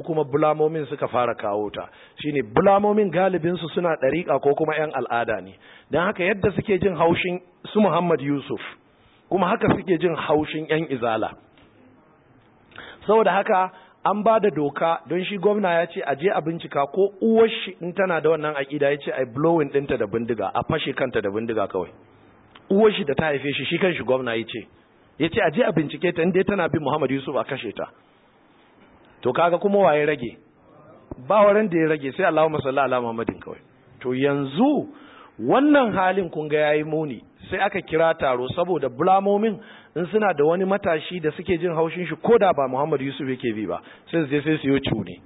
kuma bulamomin suka fara kawo ta shine bulamomin galibinsu suna ɗariƙa ko kuma 'yan al'ada ne don haka yadda suke jin haushin su muhammad yusuf kuma haka suke jin haushin 'yan izala saboda haka an ba da doka don shi gwamna ya ce a je a bincika ko uwar in tana da wannan aƙida ya ce a blowin ɗinta da bindiga a fashe kanta da bindiga kawai uwar da ta haife shi shi kan shi gwamna ya ce ya ce a je a bincike ta in tana bin muhammad yusuf a kashe ta to kaga kuma waye rage ba waren da ya rage sai Allahumma salli ala Muhammadin kawai to yanzu wannan halin kun ga yayi muni sai aka kira taro saboda bulamomin in suna da wani matashi da suke jin haushin shi koda ba Muhammad Yusuf yake bi ba sai su je sai su yi cuni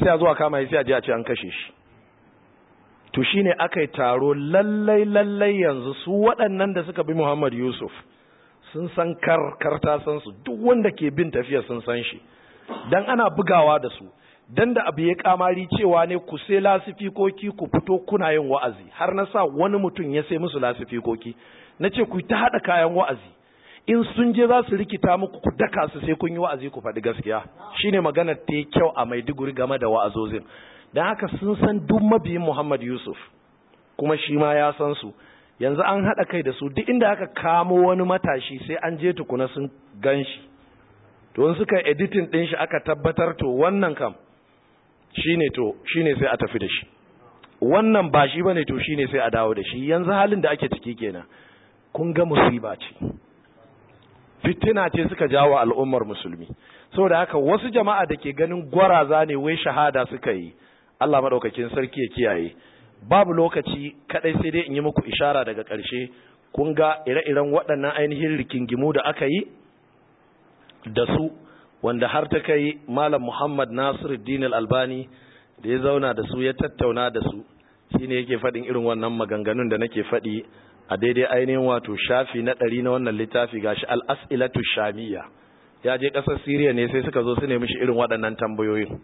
sai a zuwa kama sai a je a ce an kashe shi to shine aka yi taro lallai lallai yanzu su waɗannan da suka bi Muhammad Yusuf sun san kar ta san su duk wanda ke bin tafiya sun san shi dan ana bugawa da su dan da abu ya kamari cewa ne ku sai lasifikoki ku fito kuna yin wa'azi har na sa wani mutum ya sai musu lasifikoki na ce ku ta haɗa kayan wa'azi in sun je za su rikita muku ku daka su sai kun yi wa'azi ku faɗi gaskiya shine maganar ta yi kyau a maiduguri game da wa'azozin dan haka sun san duk mabiyin muhammad yusuf kuma shi ma ya san su yanzu an haɗa kai da su duk inda aka kamo wani matashi sai an je tukuna sun gan shi to in suka editin din shi aka tabbatar to wannan kam shine to shine sai a tafi da shi wannan ba shi bane to shine sai a dawo da shi yanzu halin da ake ciki kenan kun ga musiba ce fitina ce suka jawo al'ummar musulmi saboda haka wasu jama'a da ke ganin gwaraza ne wai shahada suka yi Allah madaukakin sarki ya kiyaye babu lokaci kaɗai sai dai in yi muku ishara daga ƙarshe kun ga ire-iren waɗannan ainihin rikingimu da aka yi da su wanda har ta kai malam muhammad nasiruddin albani da ya zauna da su ya tattauna da su shi ne yake faɗin irin wannan maganganun da nake faɗi a daidai ainihin wato shafi na ɗari na wannan littafi gashi al'as'ilatu shamiya ya je ƙasar siriya ne sai suka zo su nemi shi irin waɗannan tambayoyin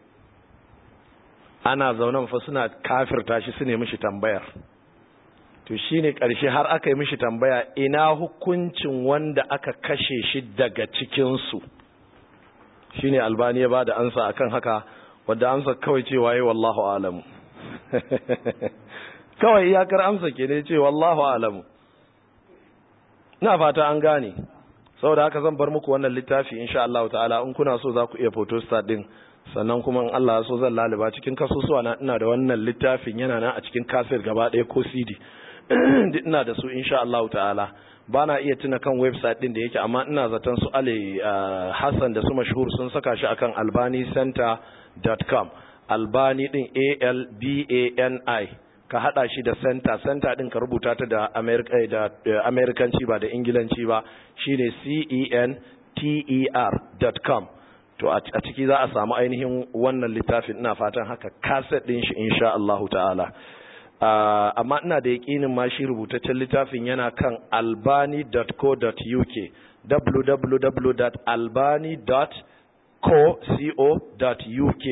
ana zaunan fa suna kafirta shi su nemi shi tambayar to shi ne ƙarshe har aka yi mishi tambaya ina hukuncin wanda aka kashe shi daga cikinsu ne albani ya ba da ansa akan haka wadda amsa kawai cewa yi wallahu alamu kawai iyakar amsa ke ne ce wallahu alamu na fata an gane saboda haka zan bar muku wannan littafi insha Allah ta'ala in kuna so za ku iya photostat ɗin, sannan kuma in Allah so zan laliba cikin kasusuwa na ina da wannan littafin yana na a cikin kasir gaba ɗaya ko Sidi. ina da su insha Allah ta'ala ba na iya tuna kan website din da yake amma ina zaton su Ali eh, Hassan da su mashhur sun saka shi akan albanicenter.com albani din A L B A N I ka hada shi da center center din ka rubuta ta da America eh, da eh, ci ba da Ingilanci ba shine C E N T E R.com to a ciki za a samu ainihin wannan littafin ina fatan haka cassette din shi insha Allah ta'ala Ah, amma ina da yaƙinin ma shi rubutaccen littafin yana kan albani.co.uk www.albani.co.uk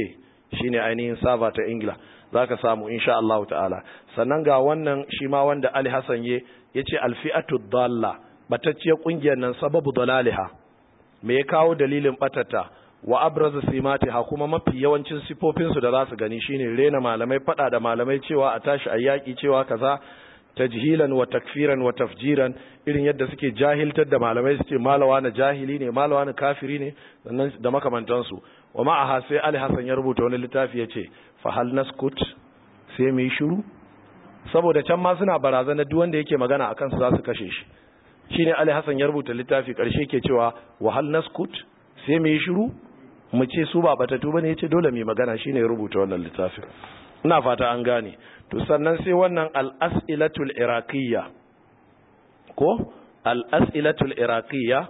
shine ainihin saba ta ingila za ka samu insha Allah ta'ala sannan ga wannan shi ma wanda Ali Hassan ye ya ce alfi'atu dalla batacciyar ƙungiyar nan sababu dalaliha me ya kawo dalilin batata wa abraza simatiha kuma mafi yawancin sifofinsu da za su gani shine rena malamai fada da malamai cewa a tashi a ayyaki cewa kaza tajhilan wa takfiran wa tafjiran irin yadda suke jahiltar da malamai suke malawa na jahili ne malawa na kafiri ne sannan da makamantansu wa ma'aha sai Ali Hassan ya rubuta wani littafi ya ce fa hal naskut sai mu shiru saboda can ma suna barazana duk wanda yake magana akan su za su kashe shi shine Ali Hassan ya rubuta littafi karshe ke cewa wa hal naskut sai mu shiru mu ce su ba batatu bane yace dole mai magana shine ya rubuta wannan littafin ina fata an gane to sannan sai wannan al-as'ilatul iraqiyya ko al-as'ilatul iraqiyya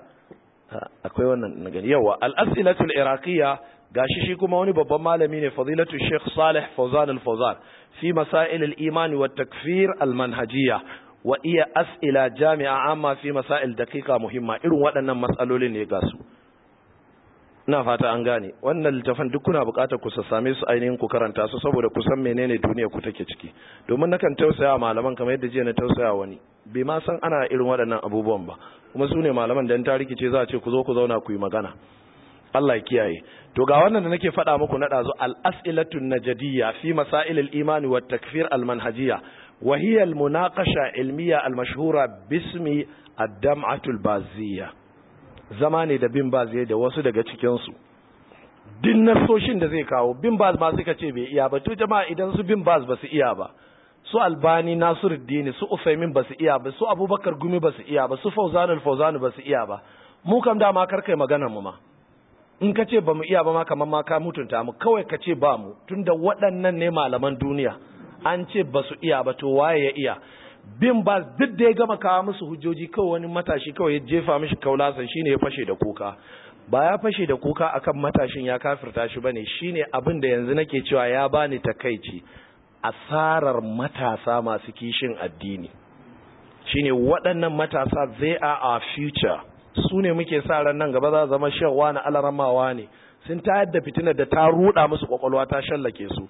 akwai wannan na gani yawa al-as'ilatul iraqiyya gashi shi kuma wani babban malami ne fadilatu Sheikh Salih Fawzan al-Fawzan fi masail al-iman wa takfir al-manhajiyya wa iya as'ila jami'a amma fi masail daqiqa muhimma irin waɗannan matsalolin ne ga su ina fata an gane wannan littafin duk kuna bukatar ku same su ainihin ku karanta su saboda ku san menene duniya ku take ciki domin nakan tausaya malaman kamar yadda jiya na tausaya wani bai ma san ana irin waɗannan abubuwan ba kuma su ne malaman da ta rikice za a ce ku zo ku zauna ku yi magana Allah ya kiyaye to ga wannan da nake faɗa muku na ɗazu al-as'ilatu najadiyya fi masail al-imani wa takfir al-manhajiyya wa hiya al-munaqasha ilmiya al-mashhura bismi ad-dam'atu al-baziyya zama ne da bin ba zai da wasu daga cikinsu din nasoshin da zai kawo bin ba ma suka ce bai iya ba to jama'a idan su bin basu ba su iya ba su albani dini su usaimin ba su iya ba su abubakar gumi ba su iya ba su fauzanul fauzanu ba su iya ba mu kam dama karkai magana mu ma in ka ce ba mu iya ba ma kamar ma ka mutunta mu kawai ka ce ba mu tunda waɗannan ne malaman duniya an ce ba su iya ba to waye ya iya bin bas duk da ya gama kawo musu hujjoji kawai wani matashi kawai ya jefa mishi kaulasan shine ya fashe da kuka ba ya fashe da kuka akan matashin ya kafirta shi ba bane shine abin da yanzu nake cewa ya bani takaici asarar matasa masu kishin addini shine waɗannan matasa they are our future su ne muke sa ran nan gaba za zama shawwa na alaramawa ne sun tayar da fitinar da ta ruɗa musu ƙwaƙwalwa ta shallake su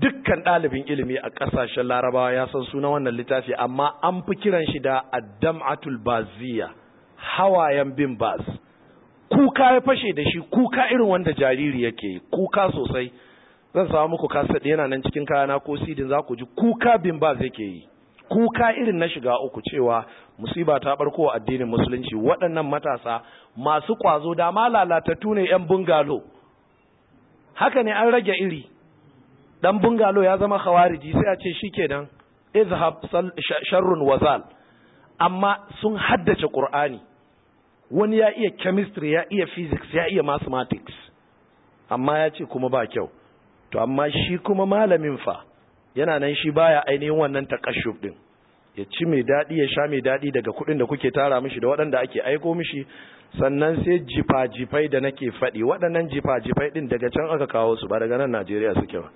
dukkan ɗalibin ilimi a ƙasashen larabawa ya san suna wannan littafi amma an fi kiran shi da addam'atul baziya hawayen bin baz kuka ya fashe da shi kuka irin wanda jariri yake kuka sosai zan samu muku kaset yana nan cikin kayana ko sidin za ku ji kuka bin baz yake yi kuka irin na shiga uku cewa musiba ta barko addinin musulunci waɗannan matasa masu kwazo da ma lalatattu ne 'yan bungalo haka ne an rage iri dan bungalo ya zama khawariji sai a ce shikenan izhab sharrun wazal amma sun haddace qur'ani wani ya iya chemistry ya iya physics ya iya mathematics amma ya ce kuma ba kyau to amma shi kuma malamin fa yana nan shi baya ainihin wannan takashuf din ya ci mai daɗi ya sha mai daɗi daga kuɗin da kuke tara mishi da waɗanda ake aiko mishi sannan sai jifa-jifai da nake faɗi waɗannan jifa-jifai ɗin daga can aka kawo su ba daga nan najeriya suke ba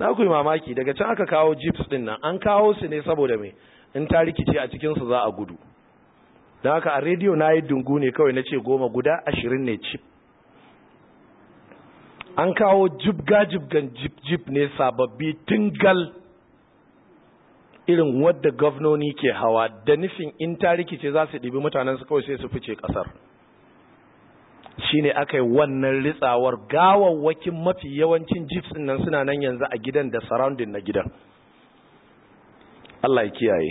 Na ku yi mamaki daga can aka kawo jeeps din nan an kawo su ne saboda me in ta rikice a cikin su za a gudu dan haka a rediyo na yi dungu ne kawai nace goma guda ashirin ne chip an kawo jibga jibgan jip jip ne sababbi tingal irin wadda gwamnoni ke hawa da nufin in ta rikice za su ɗibi mutanen su kawai sai su fice ƙasar Shi ne aka yi wannan ritsawar gawawwakin mafi yawancin jeeps nan suna nan yanzu a gidan da surrounding na gidan Allah ya kiyaye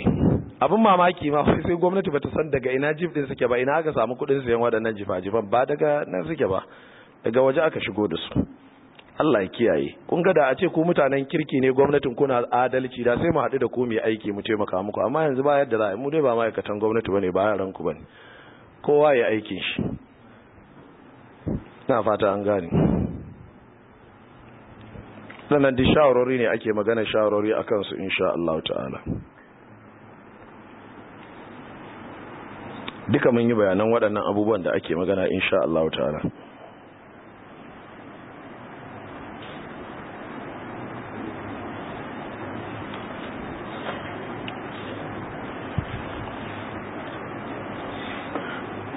abin mamaki ma sai gwamnati bata san daga ina jeep din suke ba ina aka samu kudin sayan waɗannan jifa-jifan ba daga nan suke ba daga waje aka shigo da su Allah ya kiyaye kun ga da a ce ku mutanen kirki ne gwamnatin kuna adalci da sai mu haɗu da ku mu aiki mu taimaka muku amma yanzu ba yadda za mu dai ba ma'aikatan gwamnati bane ba yaran ku bane kowa ya aikin shi na fata an gane sannan di shawarori ne ake magana shawarori a kansu insha Allah ta'ala duka mun yi bayanan waɗannan abubuwan da ake magana insha Allah ta'ala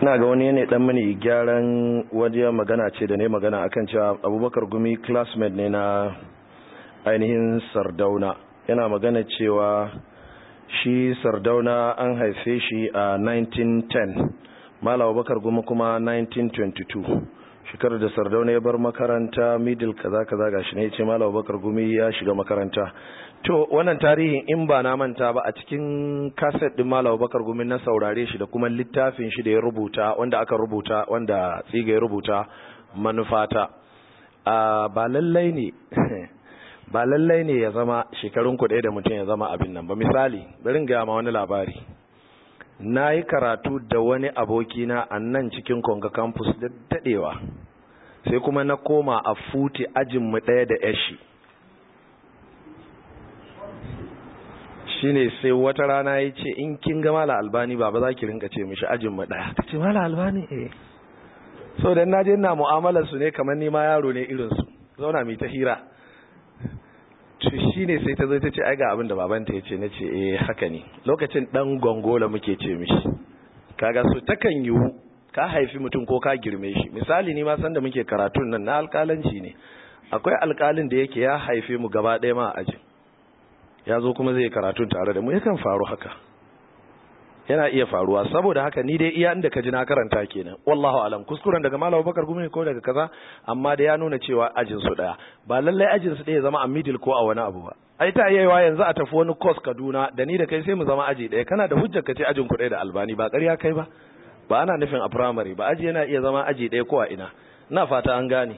na ga wani ne dan mani gyaran wajen magana ce da ne magana akan cewa abubakar gumi classmate ne na ainihin sardauna yana magana cewa shi sardauna an haife shi a 1910 mala abubakar gumi kuma 1922 shekarar da sardauna ya bar makaranta middle kaza kaza gashi ne ya ce malam bakar gumi ya shiga makaranta to wannan tarihin in ba na manta ba a cikin kaset din malam bakar gumi na saurare shi da kuma littafin shi da ya rubuta wanda aka rubuta wanda tsiga ya rubuta manufata ba lallai ne ba lallai ne ya zama shekarun ku da mutum ya zama abin nan ba misali bari ga ma wani labari na yi karatu da wani abokina a nan cikin konga campus da daɗewa sai kuma na koma a futi ajinmu ɗaya da yashi shi ne sai wata rana ya ce in kin ga mala albani ba ba za ki rinka ce mishi ajinmu ɗaya ta ce mala albani eh so dan na je na mu'amalar su ne kamar nima yaro ne irinsu zauna mai ta hira to ne sai ta zo ta ce ai ga abin da babanta ya ce na ce eh haka ne lokacin dan gongola muke ce mishi kaga so takan yiwu ka haifi mutum ko ka girme shi misali ne ma sanda muke karatun nan na alkalanci ne akwai alkalin da yake ya haife mu gaba ɗaya ma a aji ya zo kuma zai karatun tare da mu yakan faru haka yana iya faruwa saboda haka ni dai iya inda ka ji na karanta kenan wallahu alam kuskuren daga malam bakar gumi ko daga kaza amma da ya nuna cewa ajin su daya ba lallai ajin su daya zama a middle ko a wani abu ba ai ta yayiwa yanzu a tafi wani course Kaduna da ni da kai sai mu zama aji daya kana da hujjar ka ce ajin ku daya da albani ba ƙarya kai ba ba ana nufin a primary ba aji yana iya zama aji daya ko a ina na fata an gane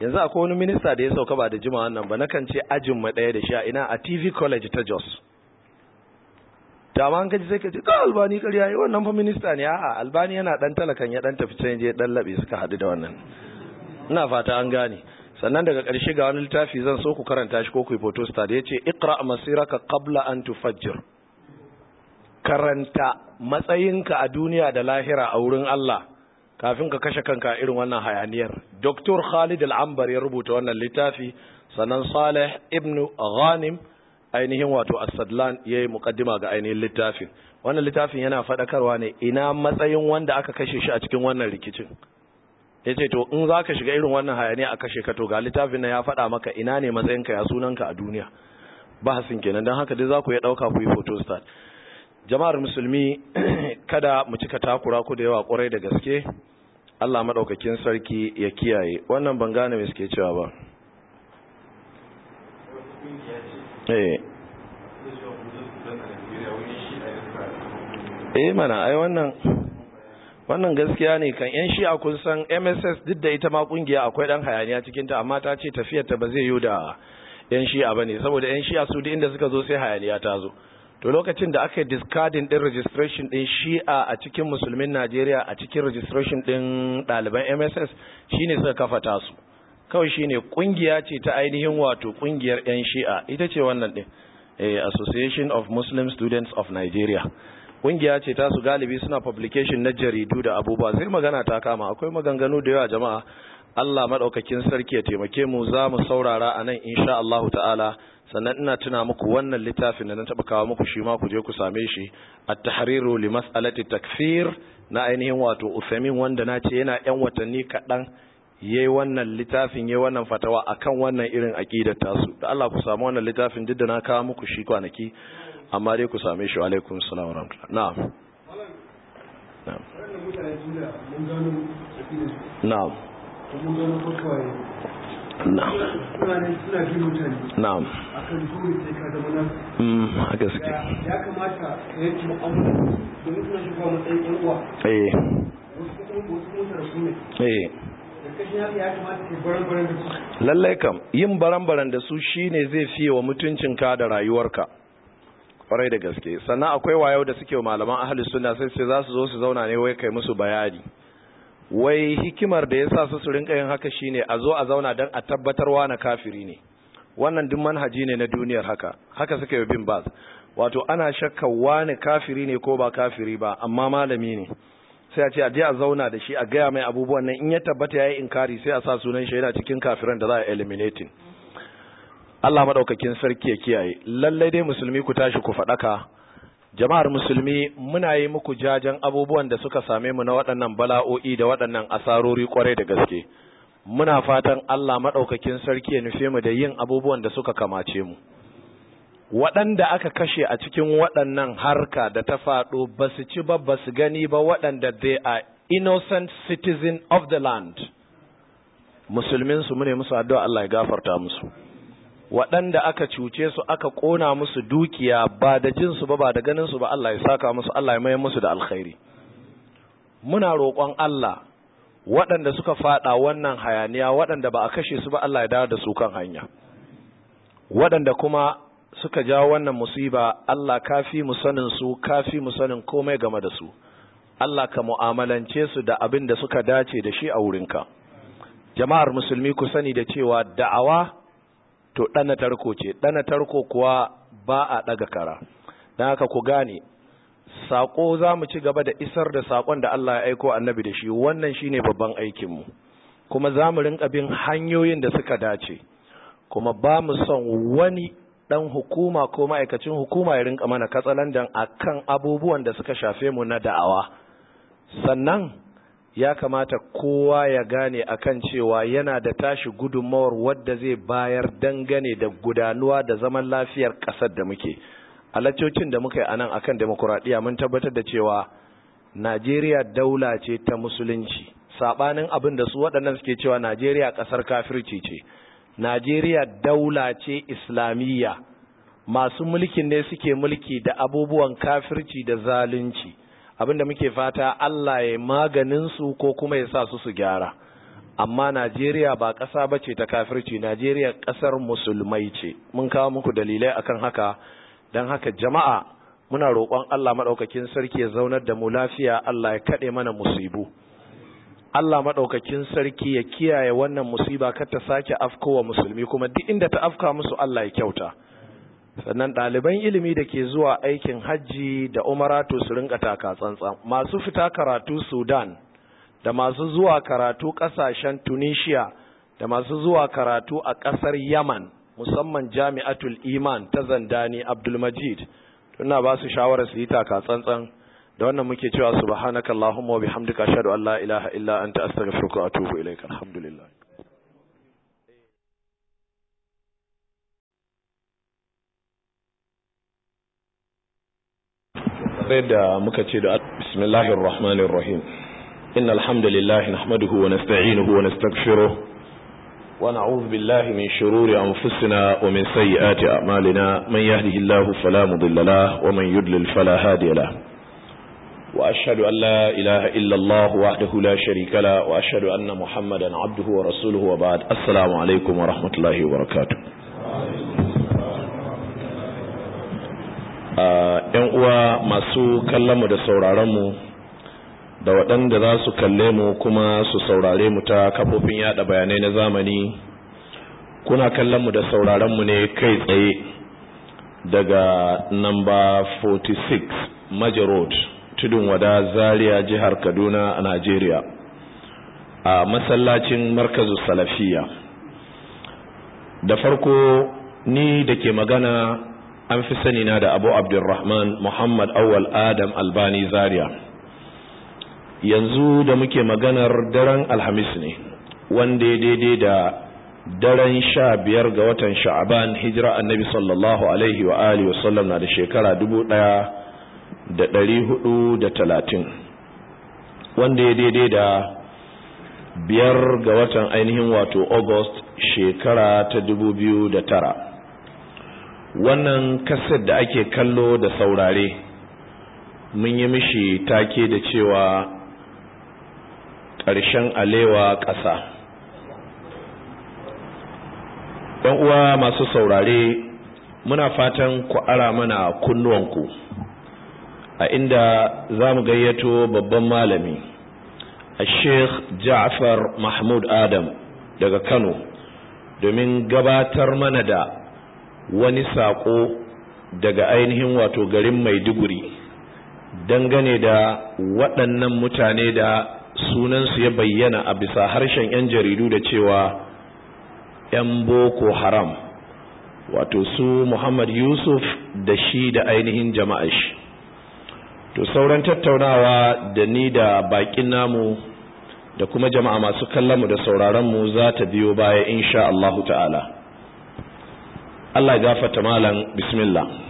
yanzu akwai wani minista da ya sauka ba da jimawa nan ba nakan ce ajin mu daya da sha ina a TV college ta Jos to amma kaji sai ka ka albani ƙarya yi wannan fa minista ne a'a albani yana dan talakan ya dan tafi can je dan labe suka hadu da wannan ina fata an gane sannan daga ƙarshe ga wani littafi zan so ku karanta shi ko ku yi photo star da yace iqra masiraka qabla an tufajjir karanta matsayinka a duniya da lahira a wurin Allah kafin ka kashe kanka irin wannan hayaniyar Dr. Khalid Al-Ambar ya rubuta wannan littafi sannan Saleh ibn Ghanim ainihin wato asadlan ya yi mukaddima ga ainihin littafin wannan littafin yana faɗakarwa ne ina matsayin wanda aka kashe shi a cikin wannan rikicin ce to in za ka shiga irin wannan hayaniya a kashe ka to ga littafin nan ya faɗa maka ina ne matsayinka ya sunanka a duniya ba hasin kenan don haka dai za ku ya ɗauka ku yi photostat jama'ar musulmi kada mu cika takura ku da yawa kwarai da gaske Allah maɗaukakin sarki ya kiyaye wannan ban gane me suke cewa ba Eh. eh mana ai wannan wannan gaskiya ne kan yan shi'a kun san MSS duk da ita ma kungiya akwai dan hayaniya cikin ta amma ta ce tafiyar ta ba zai yi da yan shi'a bane saboda yan shi'a su duk inda suka zo sai hayaniya ta zo to lokacin da aka discarding din registration din shi'a a cikin musulmin Najeriya a cikin registration din ɗaliban MSS shine suka kafa tasu kawai ne ƙungiya ce ta ainihin wato ƙungiyar yan shi'a ita ce wannan ɗin eh, association of muslim students of nigeria Ƙungiya ce ta su galibi suna publication na jaridu da abubuwa zai magana ta kama akwai maganganu da yawa jama'a Allah maɗaukakin sarki ya taimake mu za mu saurara nan insha allahu ta'ala sannan ina tuna muku wannan littafin da na taɓa kawo muku shi ma ku je ku same shi A tahariru Limas Alati takfir na ainihin wato Uthamin, wanda na ce yana yan watanni kaɗan yayi wannan littafin yayi wannan fatawa akan wannan irin aqidar tasu da Allah ku samu wannan littafin duk da na kawo muku shi kwanaki amma dai ku same shi alaikum salam wa rahmatullah na'am na'am na'am na'am a gaske ya kamata ka domin eh wasu kuma wasu mutane eh lallai kam yin baran-baran da su shine zai fiye wa mutuncinka da rayuwarka kwarai da gaske sannan akwai wayau da suke malaman ahli suna sai sai za su zo su zauna ne wai kai musu bayani wai hikimar da ya sa su rinka yin haka shine a zo a zauna don a tabbatar na kafiri ne wannan duk manhaji ne na duniyar haka haka suka yi bin bas wato ana shakka wani kafiri ne ko ba kafiri ba amma malami ne sai a ce a je a zauna da shi a gaya mai abubuwan nan in ya tabbata ya yi inkari sai a sa sunan shi yana cikin kafiran da za a eliminating Allah madaukakin sarki ya kiyaye lallai dai musulmi ku tashi ku faɗaka jama'ar musulmi muna yi muku jajen abubuwan da suka same mu na waɗannan bala'o'i da waɗannan asarori kwarai da gaske muna fatan Allah maɗaukakin sarki ya nufe mu da yin abubuwan da suka kamace mu waɗanda aka kashe a cikin waɗannan harka da ta faɗo ba su ci ba ba su gani ba waɗanda they are innocent citizen of the land musulmin su mune musu addu'a Allah ya gafarta musu waɗanda aka cuce su aka ƙona musu dukiya ba da jin su ba ba da ganin su ba Allah ya saka musu Allah ya mai musu da alkhairi muna roƙon Allah waɗanda suka faɗa wannan hayaniya waɗanda ba a kashe su ba Allah ya dawo da su kan hanya waɗanda kuma suka jawo wannan musiba Allah kafi mu sanin su kafi mu sanin komai game da su Allah ka mu'amalance su da abin da suka dace da shi a wurinka jama'ar musulmi ku sani da cewa da'awa to dana tarko ce dana tarko kuwa ba a daga kara dan haka ku gane sako zamu ci gaba da isar da sakon da Allah ya aika annabi da shi wannan shine babban aikin mu kuma zamu rinka bin hanyoyin da suka dace kuma ba mu son wani dan hukuma ko ma'aikacin hukuma ya rinka mana katsalandan akan abubuwan da suka shafe mu na da'awa sannan ya kamata kowa ya gane akan cewa yana da tashi gudunmawar wadda zai bayar dangane da gudanuwa da zaman lafiyar ƙasar da muke alaccocin da muka yi anan akan demokuraɗiyya mun tabbatar da cewa najeriya daula ce ta musulunci saɓanin abin da su waɗannan suke cewa najeriya ƙasar kafirci ce najeriya daula ce islamiyya masu mulkin ne suke mulki da abubuwan kafirci da zalunci abinda muke fata allah ya maganin su ko kuma ya sa su su gyara amma najeriya ba ƙasa bace ta kafirci najeriya ƙasar musulmai ce mun kawo muku dalilai akan haka don haka jama'a muna roƙon allah maɗaukakin sarki ya zaunar da mu lafiya allah ya kaɗe mana musibu Allah maɗaukakin sarki ya kiyaye wannan musiba kar ta sake afkowa musulmi kuma duk inda ta afka musu Allah ya kyauta sannan ɗaliban ilimi da ke zuwa aikin hajji da umaratu su rinka taka tsantsan masu fita karatu sudan da masu zuwa karatu ƙasashen tunisia da masu zuwa karatu a ƙasar yaman musamman jami'atul iman ta zandani abdulmajid tuna ba su shawarar su yi taka tsantsan da wannan muke cewa subhanaka allahumma wa bihamdika ashhadu an la ilaha illa anta astaghfiruka wa atubu ilaik alhamdulillah da muka ce da bismillahir rahmanir rahim innal hamdalillah nahmaduhu wa nasta'inuhu wa nastaghfiruh wa na'udhu billahi min shururi anfusina wa min sayyiati a'malina man yahdihillahu fala mudilla lahu wa man yudlil fala hadiya lahu وأشهد أن لا إله إلا الله وحده لا شريك له وأشهد أن محمدا عبده ورسوله وبعد السلام عليكم ورحمة الله وبركاته ‘Yan uwa masu kallonmu da mu da waɗanda za su kalle mu kuma su saurare mu ta kafofin yaɗa bayanai na zamani kuna mu da mu ne kai tsaye daga namba 46 Major Road tudun wada zaria jihar kaduna a najeriya a masallacin markazu salafiya da farko ni da ke magana an fi sanina da abu abdulrahman muhammad awal adam albani zaria yanzu da muke maganar daren alhamis ne wanda ya daidai da daren sha biyar ga watan sha'aban hijira annabi sallallahu alaihi wa alihi wasallam na da shekara dubu ɗaya da ɗari hudu da talatin wanda ya daidai da biyar ga watan ainihin wato august shekara ta dubu biyu da tara wannan kasar da ake kallo da saurare mun yi mishi take da cewa ƙarshen alewa ƙasa uwa masu saurare muna fatan ku ara mana kunnuwanku a inda za mu gayyato babban malami a sheikh ja'afar mahmud adam daga kano domin gabatar mana da wani sako daga ainihin wato garin maiduguri dangane da waɗannan mutane da sunansu ya bayyana a bisa harshen 'yan jaridu da cewa 'yan boko haram wato su muhammad yusuf da shi da ainihin jama'a shi to sauran tattaunawa da ni da bakin namu da kuma jama'a masu mu da mu za ta biyo baya insha Allahu ta'ala Allah ya gafata malam bismillah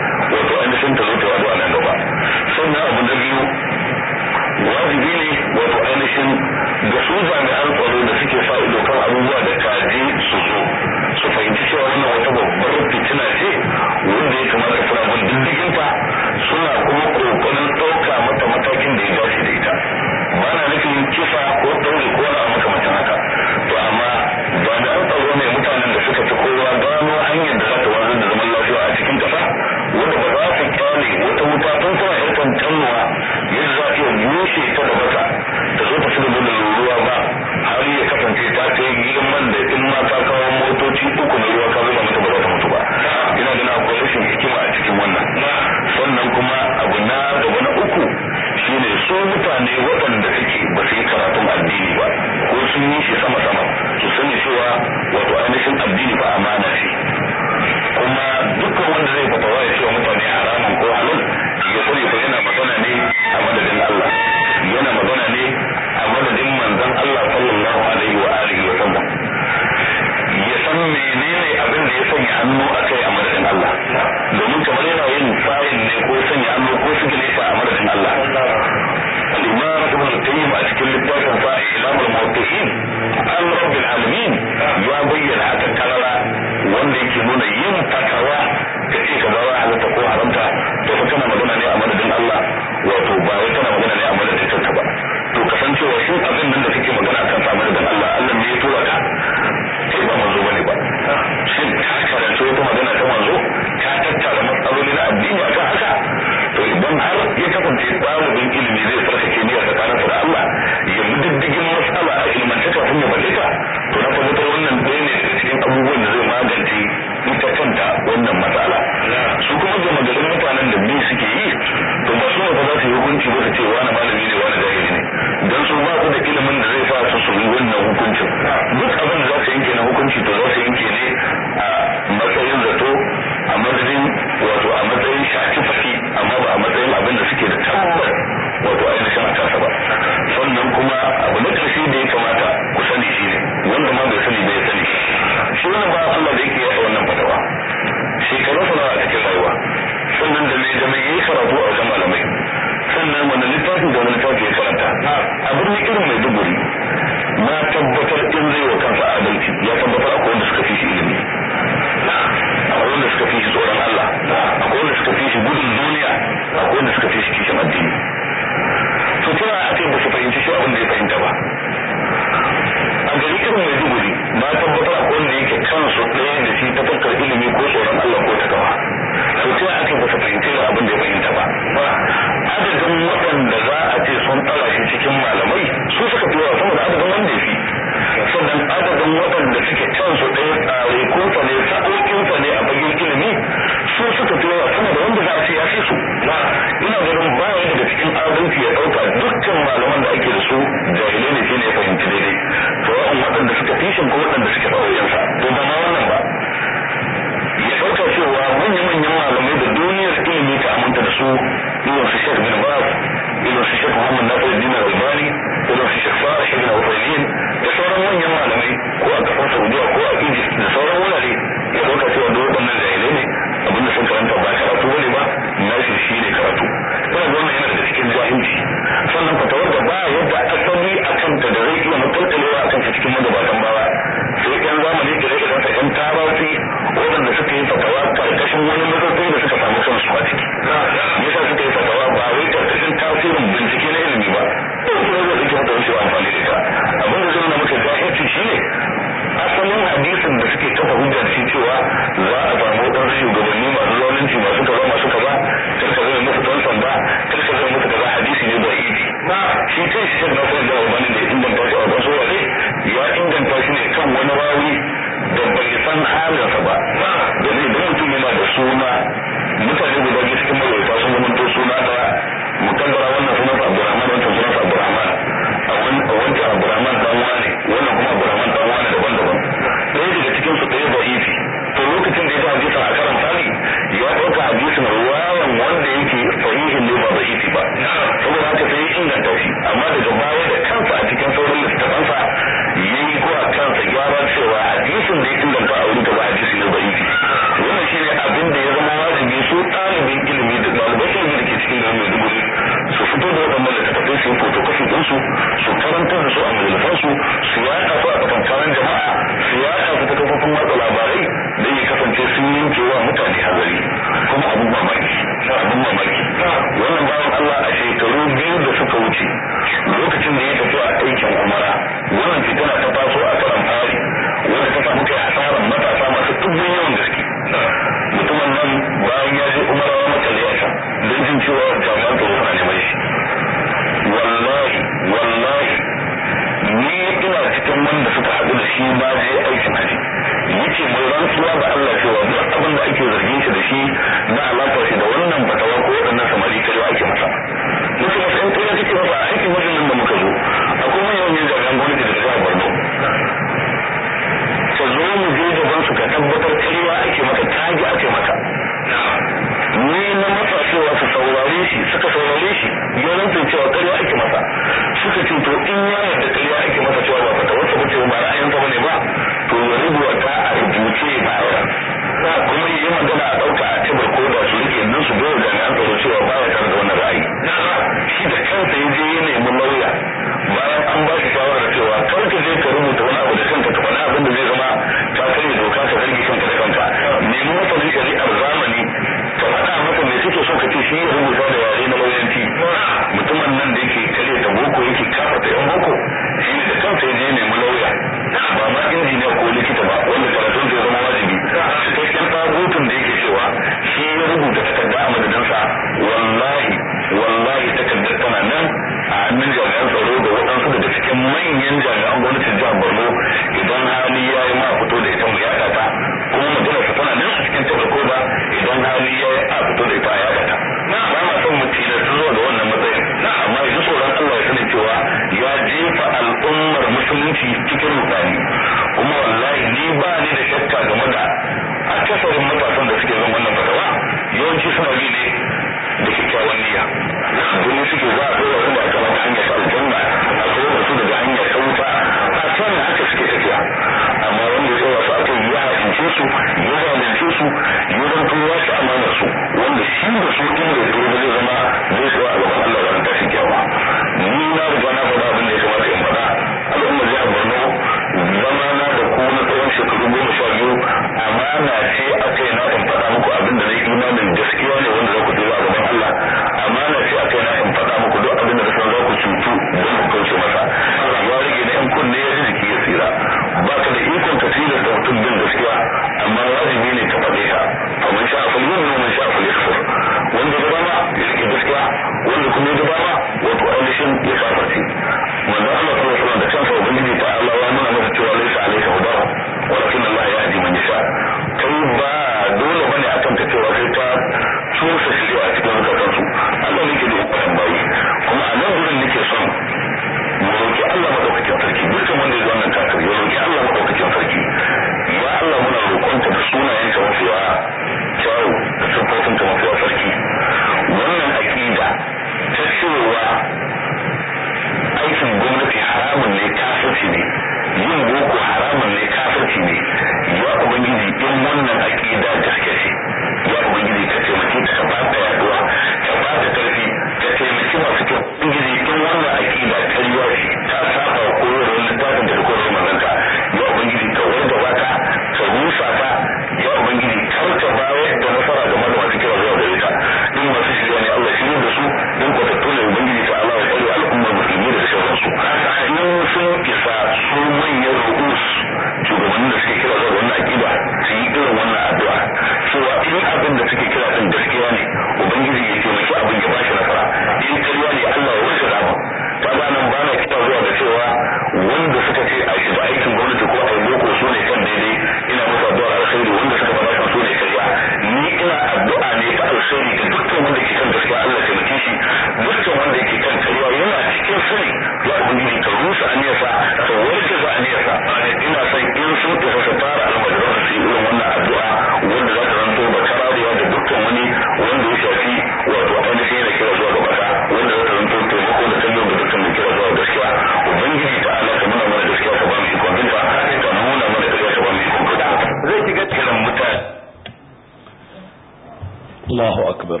Allahu akbar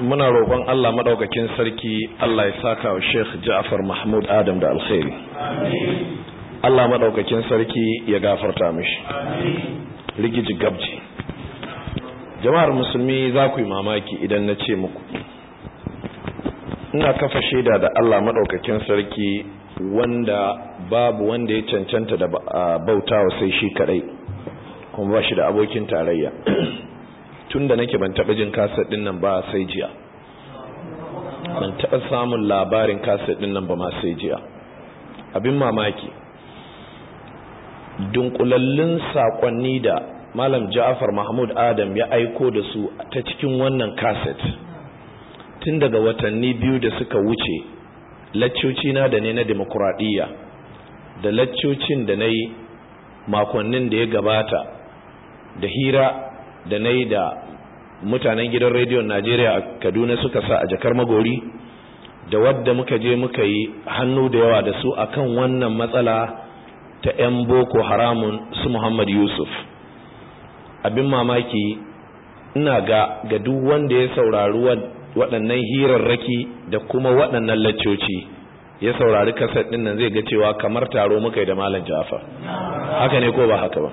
muna roƙon Allah madaukakin sarki Allah ya saka wa Sheikh Ja'far Mahmud Adam da alkhairi Allah madaukakin sarki ya gafarta mishi rigiji gabji jama'ar musulmi za ku yi mamaki idan na ce muku ina kafa shaida da Allah maɗaukakin sarki wanda babu wanda ya cancanta da bautawa sai shi kaɗai kuma ba shi da abokin tarayya tun da nake ban taɓa jin kaset ɗin nan ba sai jiya ban taɓa samun labarin kaset ɗin nan ba ma sai jiya abin mamaki dunkulallun saƙonni da malam Jafar mahmud adam ya aiko da su ta cikin wannan kaset tun daga watanni biyu da suka wuce laccocina da ne na demokuraɗiyya da laccocin da na yi makonnin da ya gabata da hira da na yi da mutanen gidan rediyon najeriya a kaduna suka sa a jakar magori da wadda muka je muka yi hannu da yawa da su akan wannan matsala ta 'yan boko haramun su muhammad yusuf abin mamaki ina ga ga duk wanda ya saurari waɗannan hirarraki da kuma waɗannan laccoci ya saurari kasar ɗin nan zai ga cewa kamar taro muka yi da malam jafa haka ne ko ba haka ba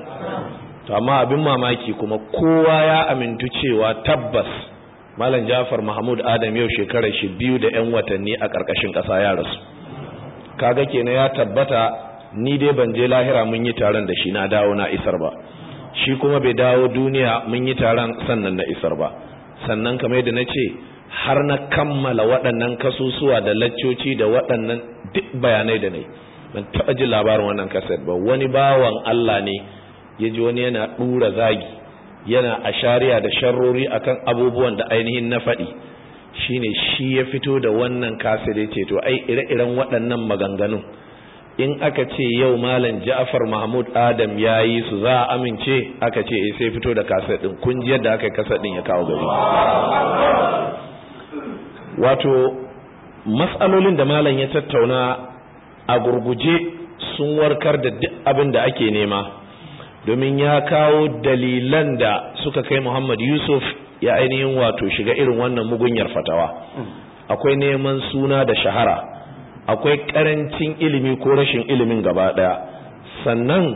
to amma abin mamaki kuma kowa ya amintu cewa tabbas malam jafar mahmud adam yau shekarar shi biyu da 'yan watanni a ƙarƙashin ƙasa ya rasu kaga kenan ya tabbata ni dai ban je lahira mun yi taron da shi na dawo na isar ba shi kuma bai dawo duniya mun yi taron sannan na isar ba sannan kamar da na ce har na kammala waɗannan kasusuwa da laccoci da waɗannan duk bayanai da ne ban taɓa ji labarin wannan kaset ba wani bawan Allah ne ya ji wani yana ɗura zagi yana a ashariya da sharrori akan abubuwan da ainihin na faɗi shine shi ya fito da wannan kasire ce to ai ire-iren waɗannan maganganun in aka ce yau malam ja'afar Mahmud Adam ya yi su za a amince aka ce eh sai fito da kasir ɗin kun ji yadda aka kasir ɗin ya kawo gari wato matsalolin da malam ya tattauna a gurguje sun warkar da duk abin da ake nema domin ya kawo dalilan da suka kai Muhammad Yusuf ya ainihin wato shiga irin wannan mugunyar fatawa akwai neman suna da shahara akwai karancin ilimi ko rashin ilimin gaba daya sannan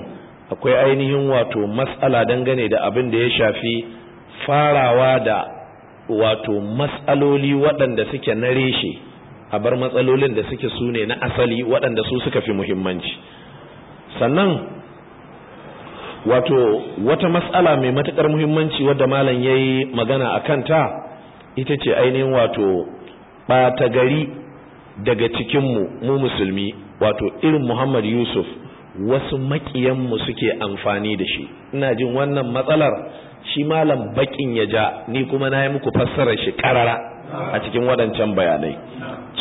akwai ainihin wato matsala dangane da abin da ya shafi farawa da wato matsaloli waɗanda suke na reshe a bar matsalolin da suke sune na asali waɗanda su suka fi muhimmanci sannan wato wata matsala mai matukar muhimmanci wadda malam ya yi magana a kanta ita ce ainihin wato ɓata gari daga cikinmu mu musulmi wato irin muhammad yusuf wasu makiyanmu suke amfani da shi ina jin wannan matsalar shi malam baƙin ya ja ni kuma na yi muku fassara shi karara a cikin waɗancan bayanai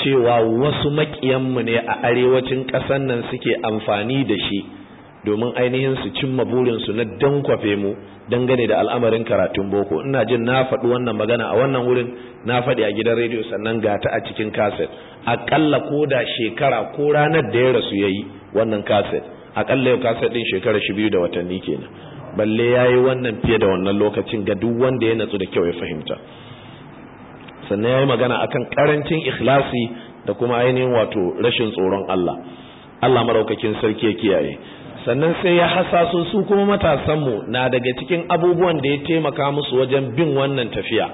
cewa wasu makiyanmu ne a arewacin ƙasar nan suke amfani da shi domin ainihin su cimma su na dankwafe mu dangane da al'amarin karatun boko ina jin na faɗi wannan magana a wannan wurin na faɗi a gidan rediyo sannan gata a cikin kaset aƙalla ko da shekara ko ranar da ya rasu ya yi wannan kaset aƙalla yau kaset ɗin shekara shi biyu da watanni kenan balle ya yi wannan fiye da wannan lokacin ga duk wanda ya natsu da kyau ya fahimta sannan ya yi magana akan ƙarancin ikhlasi da kuma ainihin wato rashin tsoron Allah Allah maraukakin sarki ya kiyaye sannan sai ya hasaso su kuma matasanmu na daga cikin abubuwan da ya taimaka musu wajen bin wannan tafiya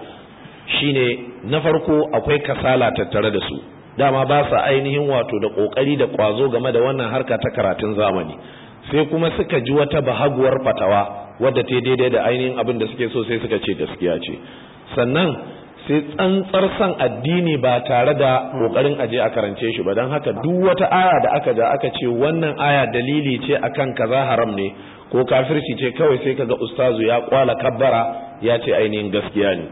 shine na farko akwai kasala tattare da su dama ba sa ainihin wato da kokari da kwazo game da wannan harka ta karatun zamani sai kuma suka ji wata bahaguwar fatawa wadda ta daidai da ainihin abin da suke so sai suka ce gaskiya ce sannan sai tsantsar san addini ba tare da kokarin aje a karance shi ba don haka duk wata aya da aka ja aka ce wannan aya dalili ce akan kaza haram ne ko kafirci ce kawai sai kaga ustazu ya kwala kabbara ya ce ainihin gaskiya ne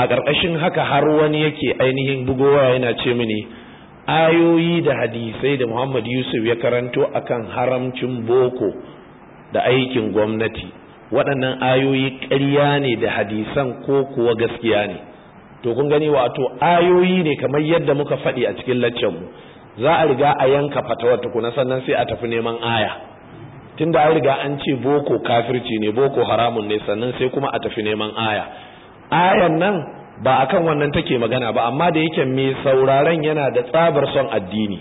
a ƙarƙashin haka har wani yake ainihin bugowa yana ce mini ayoyi da hadisai da Muhammad Yusuf ya karanto akan haramcin boko da aikin gwamnati waɗannan ayoyi ƙarya ne da hadisan ko kuwa gaskiya ne to kun gani wato ayoyi ne kamar yadda muka faɗi a cikin mu za a riga a yanka fatawar tukuna sannan sai a tafi neman aya tunda an riga an ce boko kafirci ne boko haramun ne sannan sai kuma a tafi neman aya ayan nan ba a kan wannan take magana ba amma da yake mai sauraron yana da tsabar son addini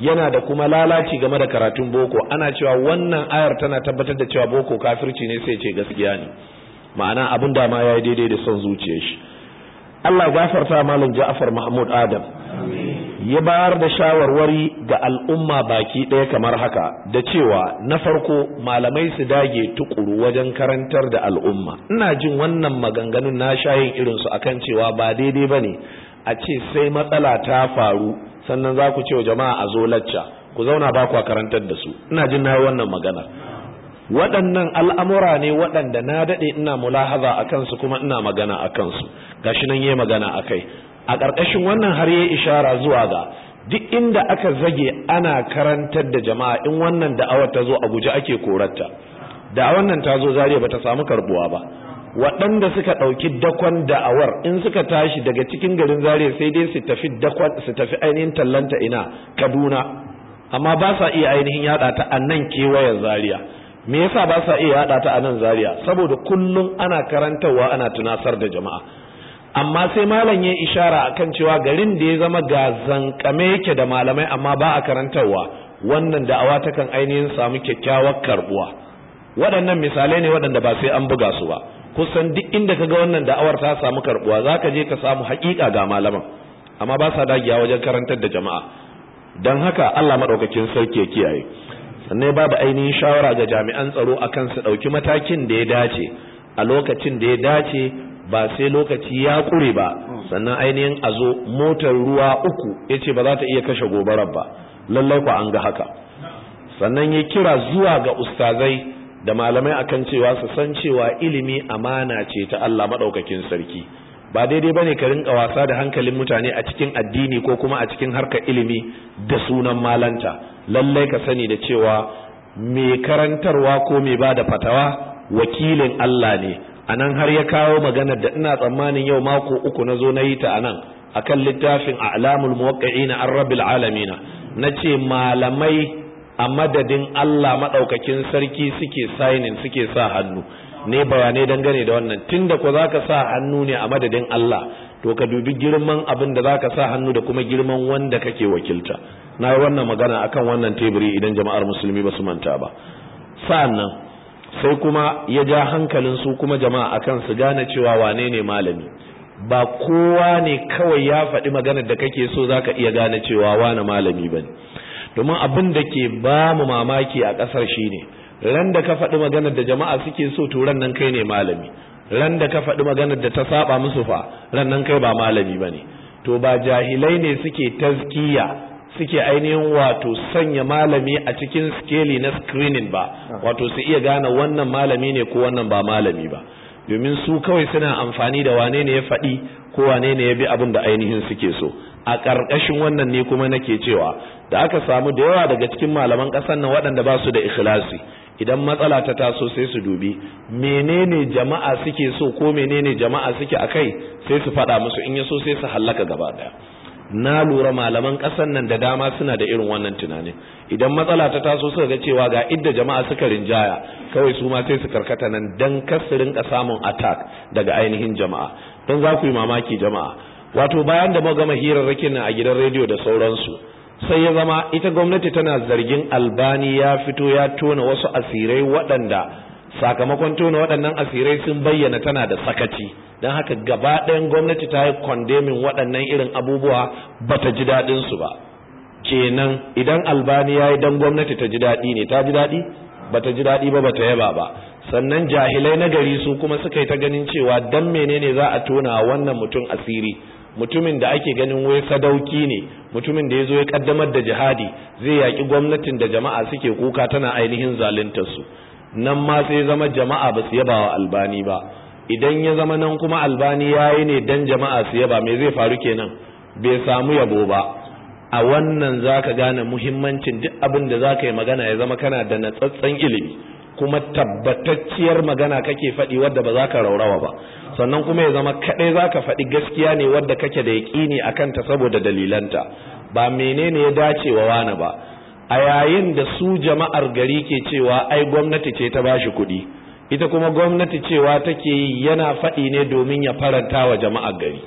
yana da kuma lalaci game da karatun boko ana cewa wannan ayar tana tabbatar da cewa boko kafirci ne sai ce gaskiya ne ma'ana abin da ma ya daidai da son zuciyar shi Allah gafarta malam Ja'far Mahmud Adam ya bayar da shawarwari ga al'umma baki ɗaya kamar haka da cewa na farko malamai su dage tukuru wajen karantar da al'umma ina jin wannan maganganun na shayin irinsu akan cewa ba daidai ba ne a ce sai matsala ta faru sannan za ku ce wa jama'a a zo lacca ku zauna ba karantar da su ina jin na wannan maganar waɗannan al'amura ne waɗanda na daɗe ina mulahaza a kansu kuma ina magana a kansu ga shi nan yi magana a kai a ƙarƙashin wannan har yi ishara zuwa ga duk inda aka zage ana karantar da jama'a in wannan da'awar ta zo a guji ake korarta da wannan ta zo zariya ba ta samu karbuwa ba waɗanda suka ɗauki dakon da'awar in suka tashi daga cikin garin zariya sai dai su tafi dakon su tafi ainihin tallanta ina kaduna amma ba sa iya ainihin yaɗa ta a nan kewayen zariya me yasa ba sa iya yada ta a nan zaria saboda kullum ana karantarwa ana tunasar da jama'a amma sai malam ya ishara akan cewa garin da ya zama ga zankame yake da malamai amma ba a karantarwa wannan da'awa ta kan ainihin samu kyakkyawar karbuwa waɗannan misalai ne waɗanda ba sai an buga su ba kusan duk inda ka ga wannan da'awar ta samu karbuwa ka je ka samu haƙiƙa ga malaman amma ba sa dagiya wajen karantar da jama'a Don haka Allah maɗaukakin sarki ya kiyaye sannan babu ainihin shawara ga jami'an tsaro akan su ɗauki matakin da ya dace a lokacin da ya dace ba sai lokaci ya ƙure ba sannan ainihin a zo motar ruwa uku ya ce ba za ta iya kashe gobarar ba lallai ku an ga haka sannan ya kira zuwa ga ustazai da malamai akan cewa su san cewa ilimi amana ce ta Allah maɗaukakin sarki ba daidai bane ka rinka wasa da hankalin mutane a cikin addini ko kuma a cikin harkar ilimi da sunan malanta lallai ka sani da cewa mai karantarwa ko mai ba da fatawa wakilin Allah ne a nan har ya kawo maganar da ina tsammanin yau mako uku na zo na yi ta a nan a kan littafin alamul muwaƙa'i na arrabil alamina na ce malamai a madadin Allah maɗaukakin sarki suke sainin suke sa hannu ne bayanai dangane da wannan tun da ku za ka sa hannu ne a madadin Allah to ka dubi girman abin da za ka sa hannu da kuma girman wanda kake wakilta na yi wannan magana akan wannan teburi idan jama'ar musulmi ba su manta ba sa'annan sai kuma ya ja hankalin su kuma jama'a akan su gane cewa wane ne malami ba kowa ne kawai ya faɗi maganar da kake so za ka iya gane cewa wane malami ba ne? domin abin da ke ba mu mamaki a ƙasar shi ne, ran da ka faɗi maganar da jama'a suke so to ran nan kai ne malami ran da ka faɗi maganar da ta saba musu fa ran nan kai ba malami ba ne? to ba jahilai ne suke tazkiya suke ainihin wato sanya malami a cikin skeli na screening ba ah. wato su iya gane wannan malami ne ko wannan ba malami ba domin su kawai suna amfani da wane ne ya faɗi ko wane ne ya bi abin da ainihin suke so a ƙarƙashin wannan ne kuma nake cewa da aka samu da yawa daga cikin malaman ƙasar nan waɗanda ba su da ikhlasi idan matsala ta taso sai su dubi menene jama'a suke so ko menene jama'a suke akai sai su faɗa musu in ya so sai su hallaka gaba ɗaya na lura malaman ƙasar nan da dama suna da irin wannan tunanin idan matsala ta taso suka ga cewa ga idda jama'a suka rinjaya kawai su ma sai su karkata nan dan kasirin su samun attack daga ainihin jama'a don za ku yi mamaki jama'a wato bayan da muka gama hirarrakin nan a gidan rediyo da sauransu sai ya zama ita gwamnati tana zargin albani ya fito ya tona wasu asirai waɗanda sakamakon tona waɗannan asirai sun bayyana tana da sakaci don haka gaba ɗayan gwamnati ta yi kwandemin waɗannan irin abubuwa ba ta ji daɗinsu ba kenan idan albani ya yi don gwamnati ta ji daɗi ne ta ji daɗi ba ta ji daɗi ba ba ta yaba ba sannan jahilai na gari su kuma suka yi ta ganin cewa don menene za a tona wannan mutum asiri mutumin da ake ganin wai sadauki ne mutumin da ya zo ya kaddamar da jihadi zai yaƙi gwamnatin da jama'a suke kuka tana ainihin zaluntarsu. su nan ma sai zama jama'a ba su yaba wa albani ba idan ya zama nan kuma albani ya yi ne dan jama'a su yaba mai zai faru kenan bai samu yabo ba a wannan za ka gane muhimmancin duk abin da za ka yi magana ya zama kana da natsatsen ilimi kuma tabbatacciyar magana kake faɗi wadda ba za ka raurawa ba sannan kuma ya zama kaɗai za ka faɗi gaskiya ne wadda kake da yaƙini a kanta saboda dalilanta ba menene ya dace wa wani ba a yayin da su jama'ar gari ke cewa ai gwamnati ce ta bashi kuɗi ita kuma gwamnati cewa take yi yana faɗi ne domin ya faranta wa jama'ar gari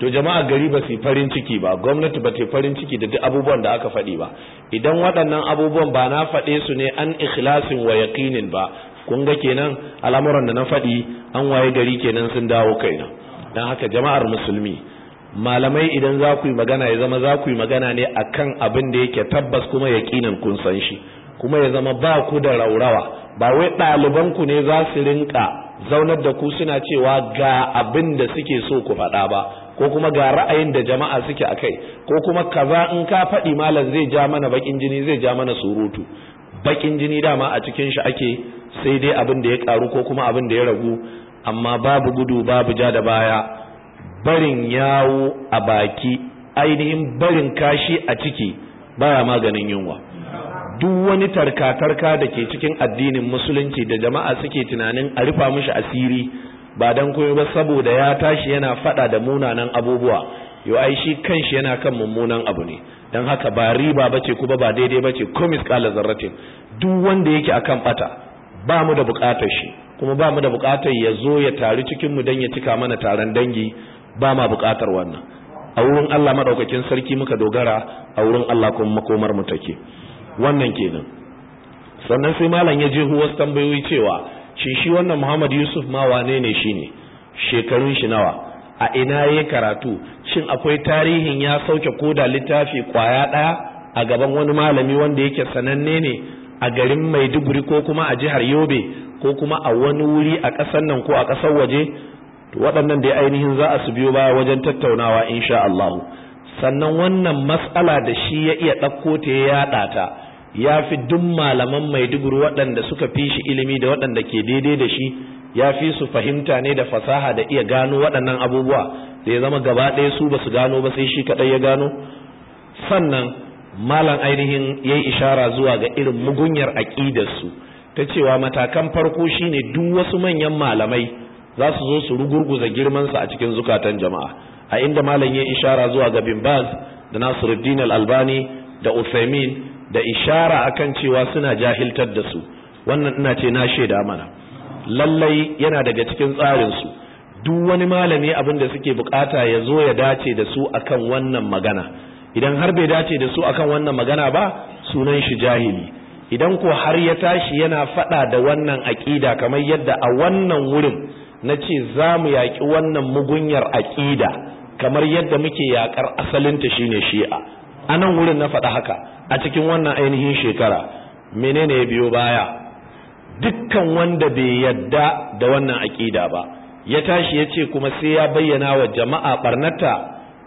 to jama'ar gari ba su farin ciki ba gwamnati ba ta farin ciki da duk abubuwan da aka faɗi ba idan waɗannan abubuwan ba na faɗe su ne an ikhlasin wa yaqinin ba kun ga kenan al'amuran da na faɗi an waye gari kenan sun dawo kaina dan haka jama'ar musulmi malamai idan za ku yi magana ya zama za ku yi magana ne a kan abin da yake tabbas kuma yaƙinin kun san shi kuma ya zama ba ku da raurawa ba wai ɗalibanku ne za su rinka zaunar da ku suna cewa ga abin da suke so ku faɗa ba ko kuma ga ra'ayin da jama'a suke a kai ko kuma kaza in ka faɗi malam zai ja mana bakin jini zai ja mana surutu baƙin jini dama a cikin shi ake sai dai abin da ya ƙaru ko kuma abin da ya ragu amma babu gudu babu ja da baya barin yawo a baki ainihin barin kashi a ciki baya maganin yunwa duk wani tarka-tarka da ke cikin addinin musulunci da jama'a suke tunanin a rufa mushi asiri ba don koyo ba saboda ya tashi yana fada da munanan abubuwa yau ai shi kanshi yana kan mummunan abu ne don haka ba riba ba ce kuma ba daidai ba ce komis kala zarratin duk wanda yake akan bata ba mu da bukatar shi kuma ba mu da bukatar ya zo ya taru cikin mu don ya cika mana taron dangi ba ma buƙatar wannan a wurin Allah madaukakin sarki muka dogara a wurin Allah kuma makomar mu take wannan kenan sannan sai malam ya je wasu tambayoyi cewa shi shi wannan Muhammad Yusuf ma wane ne shi shekarun shi nawa a ina ya karatu shin akwai tarihin ya sauke koda littafi kwaya ɗaya a gaban wani malami wanda yake sananne ne a garin Maiduguri ko kuma a jihar Yobe ko kuma a wani wuri a ƙasar nan ko a ƙasar waje waɗannan dai ainihin za a su biyo baya wajen tattaunawa insha Allah sannan wannan matsala da shi ya iya ɗauko ta ya yaɗa ta ya fi duk malaman maiduguri waɗanda suka fi shi ilimi da waɗanda ke daidai da shi ya fi su fahimta ne da fasaha da iya gano waɗannan abubuwa da ya zama gaba ɗaya su ba su gano ba sai shi kaɗai ya gano sannan malam ainihin ya yi ishara zuwa ga irin mugunyar aƙidarsu ta cewa matakan farko shine duk wasu manyan malamai za su zo su rugurguza girmansa a cikin zukatan jama'a a inda malam ya ishara zuwa ga bin baz da nasiruddin al-albani da usaimin da ishara akan cewa suna jahiltar da su wannan ina ce na shaida mana lallai yana daga cikin tsarin su duk wani malami abin da suke bukata ya zo ya dace da su akan wannan magana idan har bai dace da su akan wannan magana ba sunan shi jahili idan ko har ya tashi yana fada da wannan aƙida kamar yadda a wannan wurin na ce za mu yaƙi wannan mugunyar aƙida kamar yadda muke yaƙar asalinta shine shi'a a nan wurin na faɗa haka a cikin wannan ainihin shekara menene ya biyo baya dukkan wanda bai yadda da wannan aƙida ba ya tashi ya ce kuma sai ya bayyana wa jama'a barnata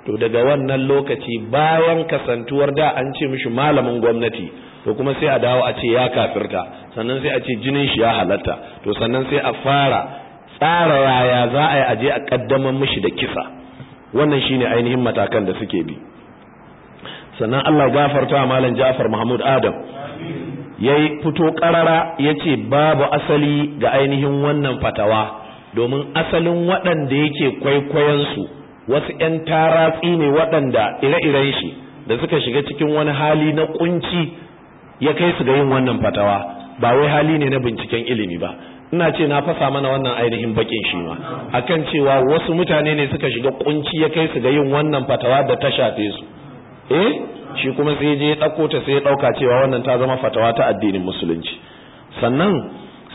to daga wannan lokaci bayan kasantuwar da an ce mishi malamin gwamnati to kuma sai a dawo a ce ya kafirta sannan sai a ce jinin shi ya halatta to sannan sai a fara tsara raya za a yi aje a kaddamar mishi da kisa wannan shine ainihin matakan da suke bi sannan Allah gafarta malam Jafar Mahmud Adam yayi fito karara yace babu asali ga ainihin wannan fatawa domin asalin waɗanda yake kwaikwayon su wasu ƴan taratsi ne waɗanda ire-iren shi da suka shiga cikin wani hali na kunci ya kai su ga yin wannan fatawa ba wai hali ne na binciken ilimi ba ina ce na fasa mana wannan ainihin bakin shi ma akan cewa wasu mutane ne suka shiga kunci ya kai su ga yin wannan fatawa da ta shafe su eh shi kuma sai je ya dauko ta sai ya dauka cewa wannan ta zama fatawa ta addinin musulunci sannan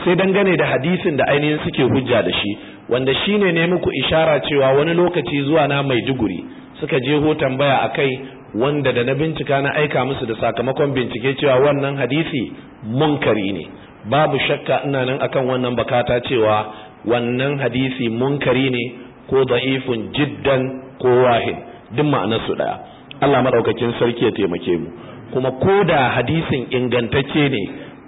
sai dangane da hadisin da ainihin suke hujja da shi wanda shine ne muku ishara cewa wani lokaci zuwa na mai duguri suka je ho tambaya akai wanda da na bincika na aika musu da sakamakon bincike cewa wannan hadisi munkari ne babu shakka ina nan akan wannan bakata cewa wannan hadisi munkari ne ko da'ifun jiddan ko wahin duk ma'anar su Allah madaukakin sarki ya taimake mu kuma ko da hadisin ingantacce ne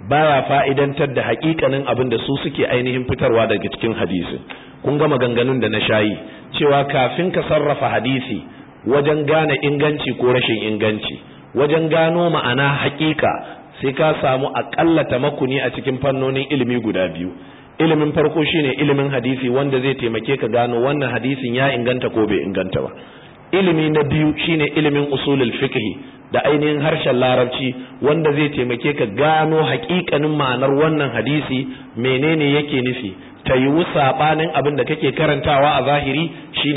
baya fa'idantar da hakikanin abin da su suke ainihin fitarwa daga cikin hadisin kun gama maganganun da na shayi cewa kafin ka sarrafa hadisi wajen gane inganci ko rashin inganci wajen gano ma'ana hakika sai ka samu akalla makuni a cikin fannonin ilimi guda biyu ilimin farko shine ilimin hadisi wanda zai taimake ka gano wannan hadisin ya inganta ko bai inganta ba ilimi na biyu shine ilimin usulul fiqh da ainihin harshen larabci wanda zai taimake ka gano hakikanin ma'anar wannan hadisi menene yake nufi ta yiwu sabanin abin da kake karantawa a zahiri shine